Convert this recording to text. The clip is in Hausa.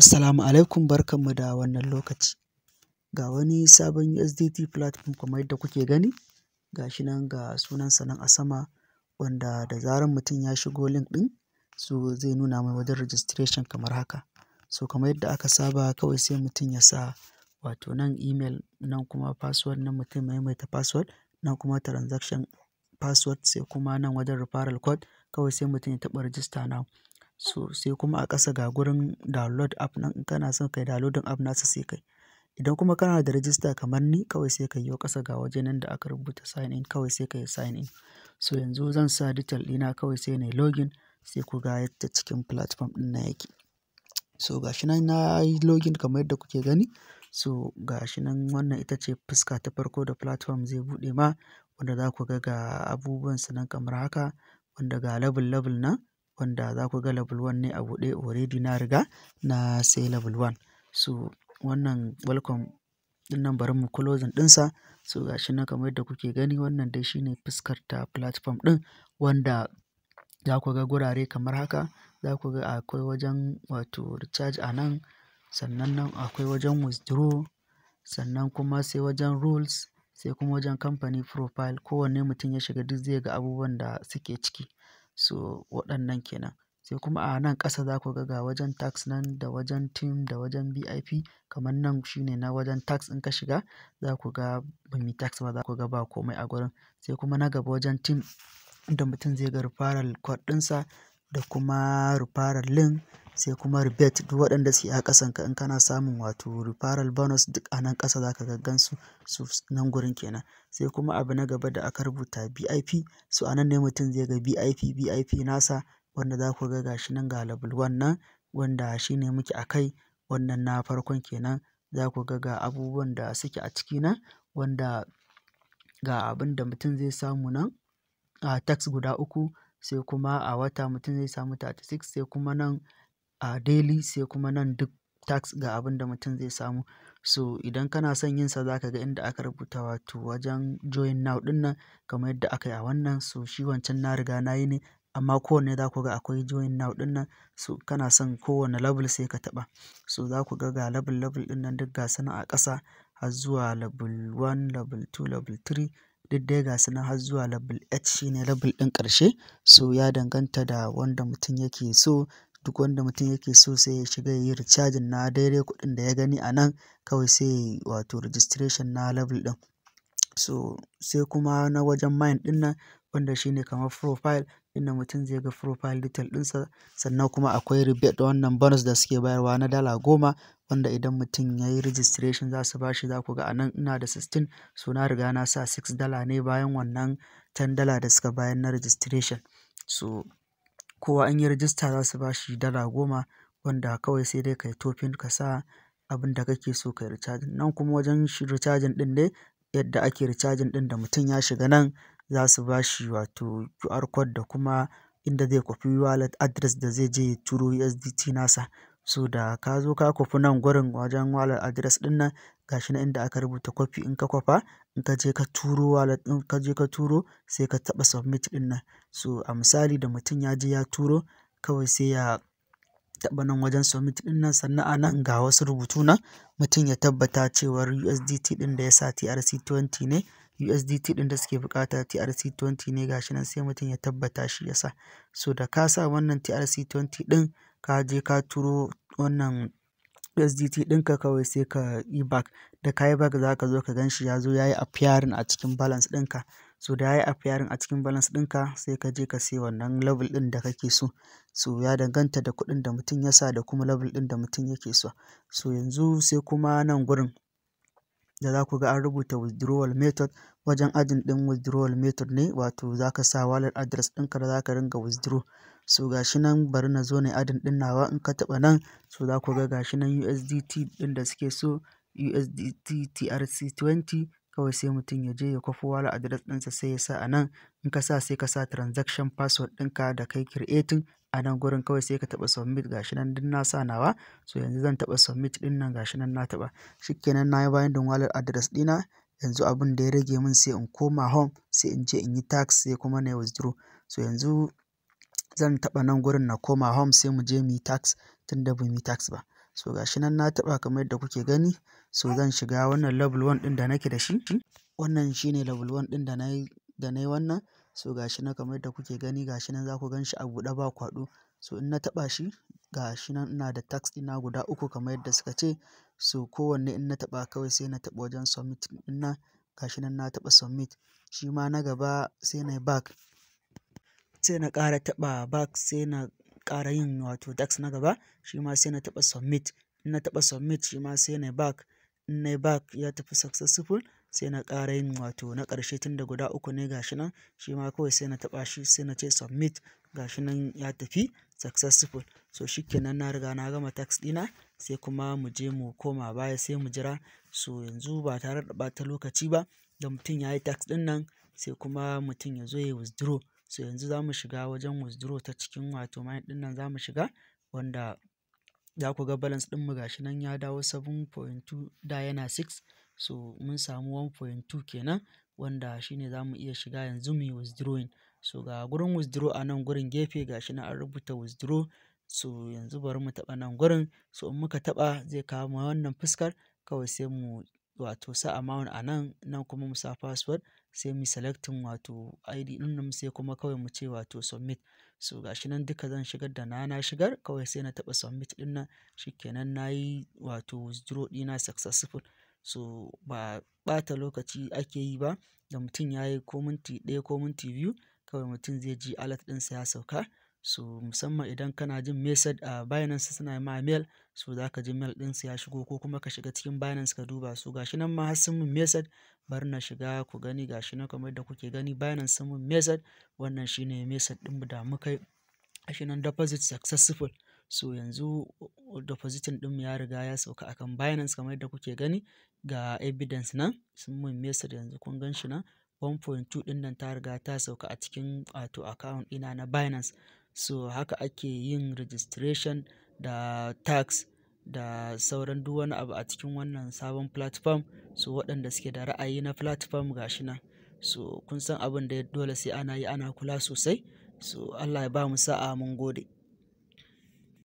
Assalamu alaikum barkanmu da wannan lokaci ga wani sabon USDT platform kamar yadda kuke gani ga shi nan ga sunansa nan a sama wanda da zarar mutum ya shigo link ɗin su zai nuna mai wajen registration kamar haka so kamar yadda aka saba kawai sai mutum ya sa wato nan email nan kuma password nan mutum maimaita password nan kuma transaction password sai kuma nan wajen referral code kawai sai mutum ya taɓa register now So sai kuma a ƙasa ga gurin download app nan in kana son kai downloading app nasa sai kai. Idan kuma kana da register kamar ni kawai sai ka yo ƙasa ga waje nan da aka rubuta sign in kawai sai ka yi sign in. So yanzu zan sa detail ɗina kawai sai na login sai ku ga yadda cikin platform ɗin na yake. So ga nan na yi login kamar yadda kuke gani. So ga nan wannan ita ce fuska ta farko da platform zai buɗe ma wanda za ku ga ga abubuwan su nan kamar haka wanda ga level-level nan wanda za ku ga level 1 ne a buɗe already na riga na sai level 1 So wannan welcome ɗin nan bari mu closing ɗinsa. So ga shi nan kamar yadda kuke gani wannan dai shine fuskar ta platform ɗin wanda za ku ga gurare kamar haka za ku ga akwai wajen wato recharge a nan sannan nan akwai wajen withdraw sannan kuma sai wajen rules sai kuma wajen company profile kowanne mutum ya shiga duk zai ga abubuwan da suke ciki. So waɗannan kenan. Sai kuma a nan ƙasa za ku ga ga wajen tax nan da wajen team da wajen bip kamar nan shine na wajen tax in ka shiga za ku ga ba mu tax ba za ku ga ba komai a gurin. Sai kuma na gaba wajen tim da mutum zai ga referral code ɗinsa da kuma referral link sai kuma rebate duk waɗanda suke a ƙasan ka in kana samun wato referral bonus duk a nan ƙasa za ka gaggan su su nan gurin kenan sai kuma abu na gaba da aka rubuta BIP su a nan ne mutum zai ga VIP VIP nasa wanda za ku ga shi nan ga level 1 nan wanda shi ne muke a kai wannan na farkon kenan za ku ga ga abubuwan da suke a ciki nan wanda ga abin da mutum zai samu nan a tax guda uku sai kuma a wata mutum zai samu thirty six sai kuma nan a daily sai kuma nan duk tax ga abin da mutum zai samu so idan kana son yin sa zaka ga inda aka rubuta wato wajen join now ɗin nan kamar yadda aka yi a wannan so shi wancan na riga na yi ne amma kowanne za ku ga akwai join now ɗin nan so kana son kowane level sai ka taba so za ku ga ga level level din nan duk ga su a ƙasa har zuwa level one level two level three Duk dai ga su nan har zuwa level H shine level ɗin ƙarshe. So ya danganta da wanda mutum yake so. Duk wanda mutum yake so sai ya shiga yi recharging na daidai kuɗin da ya gani a nan kawai sai wato registration na level ɗin. So sai kuma na wajen mine ɗin nan wanda ne kamar profile inda mutum zai ga profile detail ɗinsa. Sannan kuma akwai rebate wannan bonus da suke bayarwa na dala goma. wanda idan mutum ya yi registration za su ba shi za ku ga a nan ina da 16 so na riga na sa 6 dala ne bayan wannan 10 dala da suka bayan na registration so kowa an yi rajista za su ba shi dala goma wanda kawai sai dai kai tofin ka sa abin da kake so kai recharging nan kuma wajen recharging ɗin ne yadda ake ricajin ɗin da mutum ya shiga nan za su ba wato QR code da kuma inda zai kwafi wallet address da zai je ya turo USDT nasa so da ka zo ka kwafi nan gurin wajen wallet adres din nan gashi nan inda aka rubuta kwafi in ka kwafa in ka je ka turo wallet in ka je ka turo sai ka taɓa submit din nan so a misali da mutum ya je ya turo kawai sai ya taba nan wajen submit din nan sannan a nan ga wasu rubutu nan mutum ya tabbata cewar USDT din da ya sa TRC20 ne USDT din da suke bukata TRC20 ne gashi nan sai mutum ya tabbata shi ya sa so da ka sa wannan TRC20 din. ka je ka turo wannan SDT ɗinka kawai sai ka yi back. Da ka yi back za ka zo ka gan shi ya zo ya yi appearing a cikin balance ɗinka. So da ya yi appearing a cikin balance ɗinka sai ka je ka sai wannan level ɗin da kake so. So ya danganta da kuɗin da mutum ya sa da kuma level ɗin da mutum yake so. So yanzu sai kuma nan gurin da za ku ga an rubuta withdrawal method. wajen ajin ɗin withdrawal method ne wato za ka sa wallet address ka da za ka ringa withdraw so shi nan bari na zo ne adin ɗin nawa in ka taɓa nan so za ku ga shi nan USDT ɗin da suke so USDT TRC20 kawai sai mutum ya je ya kwafo wallet address ɗinsa sai ya sa a nan in ka sa sai ka sa transaction password ɗinka da kai creating a nan gurin kawai sai ka taɓa submit shi nan din na sa nawa so yanzu zan taɓa submit ɗin nan shi nan na taɓa shikenan na yi bayan din wallet address ɗina yanzu abun da ya rage min sai in koma home sai in je in yi tax sai kuma na yi withdraw. So yanzu zan taɓa nan gurin na koma home sai mu je muyi tax tunda ba yi tax ba. So ga shi nan na taɓa kamar yadda kuke gani. So zan shiga wannan level one ɗin da nake da shi. Wannan shine level one ɗin da na da wannan. So ga shi nan kamar yadda kuke gani ga shi nan za ku gan shi a buɗe ba kwaɗo. So in na taɓa shi ga shi nan ina da tax ɗina guda uku kamar yadda suka ce. So kowanne in na taɓa kawai sai na taɓa wajen submit in na gashi nan na taɓa submit shi ma na gaba sai na back sai na ƙara taɓa back sai na ƙara yin wato tax na gaba shi ma sai na taɓa submit in na taɓa submit shi ma sai na back in na back ya tafi successful sai na ƙara yin wato na ƙarshe tun da guda uku ne gashi nan shi ma kawai sai na taɓa shi sai na ce submit gashi nan ya tafi successful so shikenan na riga na gama tax dina sai kuma mu je mu koma baya sai mu jira so yanzu ba tare da bata lokaci ba da mutum ya yi tax din nan sai kuma mutum ya zo ya withdraw so yanzu za mu shiga wajen withdraw ta cikin wato mine din nan za mu shiga wanda za ku ga balance ɗin mu gashi nan ya dawo 7.2 da yana 6 so mun samu 1.2 kenan wanda shine za mu iya shiga yanzu mu yi withdrawing so ga gurin withdraw a nan gurin gefe gashi nan an rubuta withdraw so yanzu bari mu taɓa nan gurin so in muka taɓa zai kawo mu wannan fuskar kawai sai mu wato sa amount a nan nan kuma mu sa password sai mu selectin wato id din nan sai kuma kawai mu ce wato submit so gashi nan duka zan shigar da na na shigar kawai sai na taba submit din nan shikenan nayi wato withdraw dina successful so ba bata lokaci ake yi ba da mutum yayi ko minti ɗaya ko minti biyu kawai mutum zai ji alert ɗinsa ya sauka So musamman idan kana jin message a Binance suna ma mail so za ka ji mail ɗinsu ya shigo ko kuma ka shiga cikin Binance ka duba su gashi nan ma har sun mun message bari na shiga ku gani gashi nan kamar yadda kuke gani Binance sun mun message wannan shine message ɗin da muka yi gashi nan deposit successful so yanzu depositin ɗin ya riga ya sauka akan Binance kamar yadda kuke gani ga evidence nan sun mun message yanzu kun gan shi nan 1.2 ɗin nan ta riga ta sauka a cikin wato account ɗina na Binance so haka ake yin registration da tax da sauran duk wani abu a cikin wannan sabon platform so waɗanda suke da ra'ayi na platform gashi nan so kun san abin da dole sai ana yi ana kula sosai so Allah ya ba mu sa'a mun gode